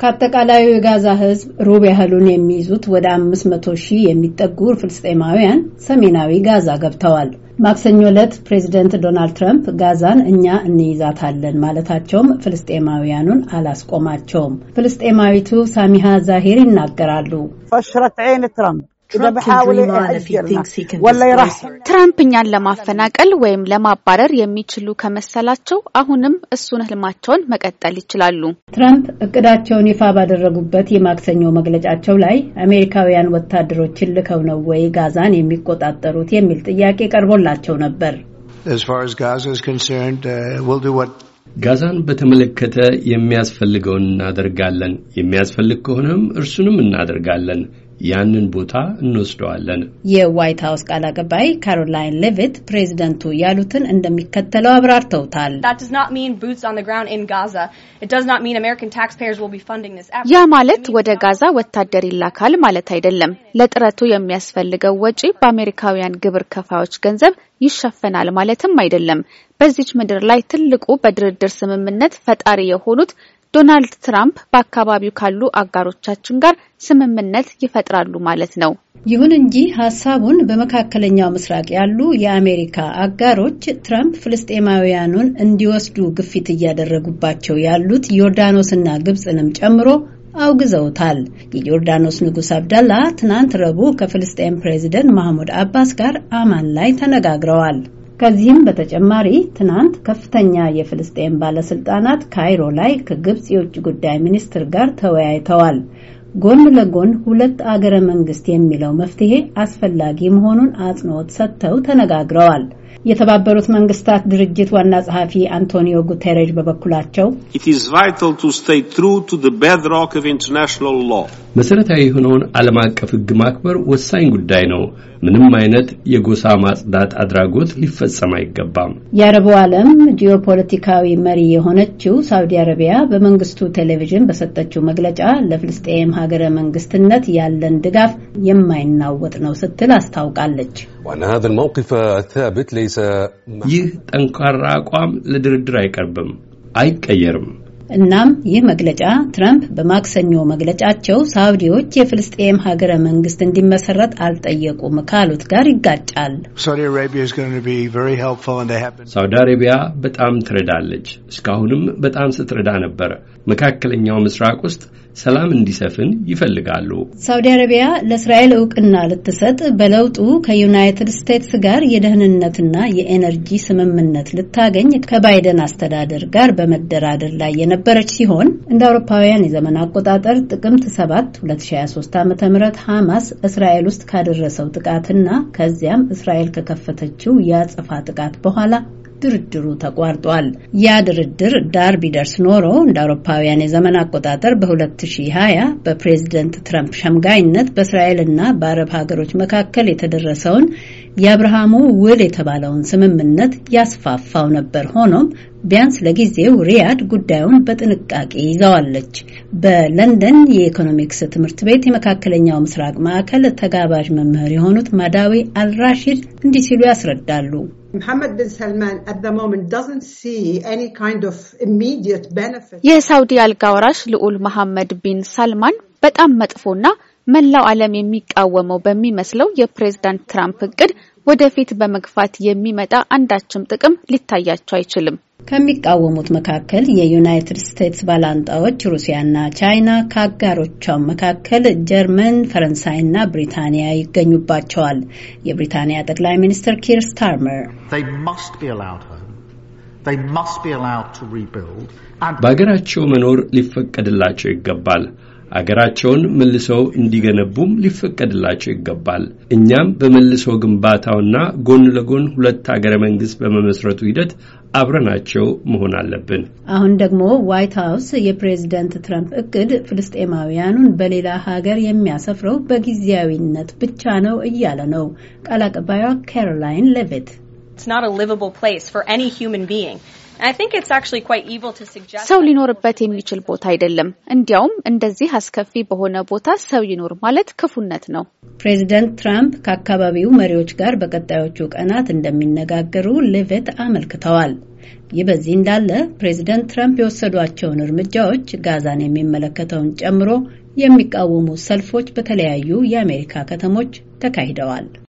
ከአጠቃላዩ የጋዛ ሕዝብ ሩብ ያህሉን የሚይዙት ወደ አምስት መቶ ሺህ የሚጠጉ ፍልስጤማውያን ሰሜናዊ ጋዛ ገብተዋል። ማክሰኞ ዕለት ፕሬዚደንት ዶናልድ ትራምፕ ጋዛን እኛ እንይዛታለን ማለታቸውም ፍልስጤማውያኑን አላስቆማቸውም። ፍልስጤማዊቱ ሳሚሃ ዛሂር ይናገራሉ። ፈሽረት ዐይን ትራምፕ ትራምፕ እኛን ለማፈናቀል ወይም ለማባረር የሚችሉ ከመሰላቸው አሁንም እሱን ህልማቸውን መቀጠል ይችላሉ። ትራምፕ እቅዳቸውን ይፋ ባደረጉበት የማክሰኞ መግለጫቸው ላይ አሜሪካውያን ወታደሮችን ልከው ነው ወይ ጋዛን የሚቆጣጠሩት የሚል ጥያቄ ቀርቦላቸው ነበር። uh, ጋዛን በተመለከተ የሚያስፈልገውን እናደርጋለን፣ የሚያስፈልግ ከሆነም እርሱንም እናደርጋለን ያንን ቦታ እንወስደዋለን። የዋይት ሀውስ ቃል አቀባይ ካሮላይን ሌቪት ፕሬዚደንቱ ያሉትን እንደሚከተለው አብራርተውታል። ያ ማለት ወደ ጋዛ ወታደር ይላካል ማለት አይደለም። ለጥረቱ የሚያስፈልገው ወጪ በአሜሪካውያን ግብር ከፋዮች ገንዘብ ይሸፈናል ማለትም አይደለም። በዚች ምድር ላይ ትልቁ በድርድር ስምምነት ፈጣሪ የሆኑት ዶናልድ ትራምፕ በአካባቢው ካሉ አጋሮቻችን ጋር ስምምነት ይፈጥራሉ ማለት ነው። ይሁን እንጂ ሀሳቡን በመካከለኛው ምስራቅ ያሉ የአሜሪካ አጋሮች ትራምፕ ፍልስጤማውያኑን እንዲወስዱ ግፊት እያደረጉባቸው ያሉት ዮርዳኖስና ግብፅንም ጨምሮ አውግዘውታል። የዮርዳኖስ ንጉሥ አብደላ ትናንት ረቡዕ ከፍልስጤም ፕሬዚደንት ማህሙድ አባስ ጋር አማን ላይ ተነጋግረዋል። ከዚህም በተጨማሪ ትናንት ከፍተኛ የፍልስጤን ባለስልጣናት ካይሮ ላይ ከግብፅ የውጭ ጉዳይ ሚኒስትር ጋር ተወያይተዋል። ጎን ለጎን ሁለት አገረ መንግስት የሚለው መፍትሄ አስፈላጊ መሆኑን አጽንኦት ሰጥተው ተነጋግረዋል። የተባበሩት መንግስታት ድርጅት ዋና ጸሐፊ አንቶኒዮ ጉተሬጅ በበኩላቸው መሰረታዊ የሆነውን ዓለም አቀፍ ሕግ ማክበር ወሳኝ ጉዳይ ነው። ምንም አይነት የጎሳ ማጽዳት አድራጎት ሊፈጸም አይገባም። የአረቡ ዓለም ጂኦፖለቲካዊ መሪ የሆነችው ሳውዲ አረቢያ በመንግስቱ ቴሌቪዥን በሰጠችው መግለጫ ለፍልስጤም ሀገረ መንግስትነት ያለን ድጋፍ የማይናወጥ ነው ስትል አስታውቃለች። ይህ ጠንካራ አቋም ለድርድር አይቀርብም፣ አይቀየርም። እናም ይህ መግለጫ ትራምፕ በማክሰኞ መግለጫቸው ሳውዲዎች የፍልስጤም ሀገረ መንግስት እንዲመሰረት አልጠየቁም ካሉት ጋር ይጋጫል። ሳውዲ አረቢያ በጣም ትረዳለች። እስካሁንም በጣም ስትረዳ ነበር። መካከለኛው ምስራቅ ውስጥ ሰላም እንዲሰፍን ይፈልጋሉ። ሳውዲ አረቢያ ለእስራኤል እውቅና ልትሰጥ በለውጡ ከዩናይትድ ስቴትስ ጋር የደህንነትና የኤነርጂ ስምምነት ልታገኝ ከባይደን አስተዳደር ጋር በመደራደር ላይ የነ የነበረች ሲሆን እንደ አውሮፓውያን የዘመን አቆጣጠር ጥቅምት 7 2023 ዓ ም ሐማስ እስራኤል ውስጥ ካደረሰው ጥቃትና ከዚያም እስራኤል ከከፈተችው የአጸፋ ጥቃት በኋላ ድርድሩ ተቋርጧል። ያ ድርድር ዳር ቢደርስ ኖሮ እንደ አውሮፓውያን የዘመን አቆጣጠር በ2020 በፕሬዝደንት ትረምፕ ሸምጋይነት በእስራኤልና በአረብ ሀገሮች መካከል የተደረሰውን የአብርሃሙ ውል የተባለውን ስምምነት ያስፋፋው ነበር። ሆኖም ቢያንስ ለጊዜው ሪያድ ጉዳዩን በጥንቃቄ ይዘዋለች። በለንደን የኢኮኖሚክስ ትምህርት ቤት የመካከለኛው ምስራቅ ማዕከል ተጋባዥ መምህር የሆኑት ማዳዊ አልራሺድ እንዲህ ሲሉ ያስረዳሉ። የሳውዲ አልጋ ወራሽ ልዑል መሐመድ ቢን ሳልማን በጣም መጥፎና መላው ዓለም የሚቃወመው በሚመስለው የፕሬዝዳንት ትራምፕ እቅድ ወደፊት በመግፋት የሚመጣ አንዳችም ጥቅም ሊታያቸው አይችልም። ከሚቃወሙት መካከል የዩናይትድ ስቴትስ ባላንጣዎች ሩሲያና ቻይና፣ ከአጋሮቿም መካከል ጀርመን፣ ፈረንሳይና ብሪታንያ ይገኙባቸዋል። የብሪታንያ ጠቅላይ ሚኒስትር ኪር ስታርመር በሀገራቸው መኖር ሊፈቀድላቸው ይገባል። አገራቸውን መልሰው እንዲገነቡም ሊፈቀድላቸው ይገባል። እኛም በመልሶ ግንባታውና ጎን ለጎን ሁለት ሀገረ መንግስት በመመስረቱ ሂደት አብረናቸው መሆን አለብን። አሁን ደግሞ ዋይት ሀውስ የፕሬዝደንት ትረምፕ እቅድ ፍልስጤማውያኑን በሌላ ሀገር የሚያሰፍረው በጊዜያዊነት ብቻ ነው እያለ ነው። ቃል አቀባዩ ካሮላይን ሌቪት ሰው ሊኖርበት የሚችል ቦታ አይደለም። እንዲያውም እንደዚህ አስከፊ በሆነ ቦታ ሰው ይኖር ማለት ክፉነት ነው። ፕሬዚደንት ትራምፕ ከአካባቢው መሪዎች ጋር በቀጣዮቹ ቀናት እንደሚነጋገሩ ሌቪት አመልክተዋል። ይህ በዚህ እንዳለ ፕሬዚደንት ትራምፕ የወሰዷቸውን እርምጃዎች ጋዛን የሚመለከተውን ጨምሮ የሚቃወሙ ሰልፎች በተለያዩ የአሜሪካ ከተሞች ተካሂደዋል።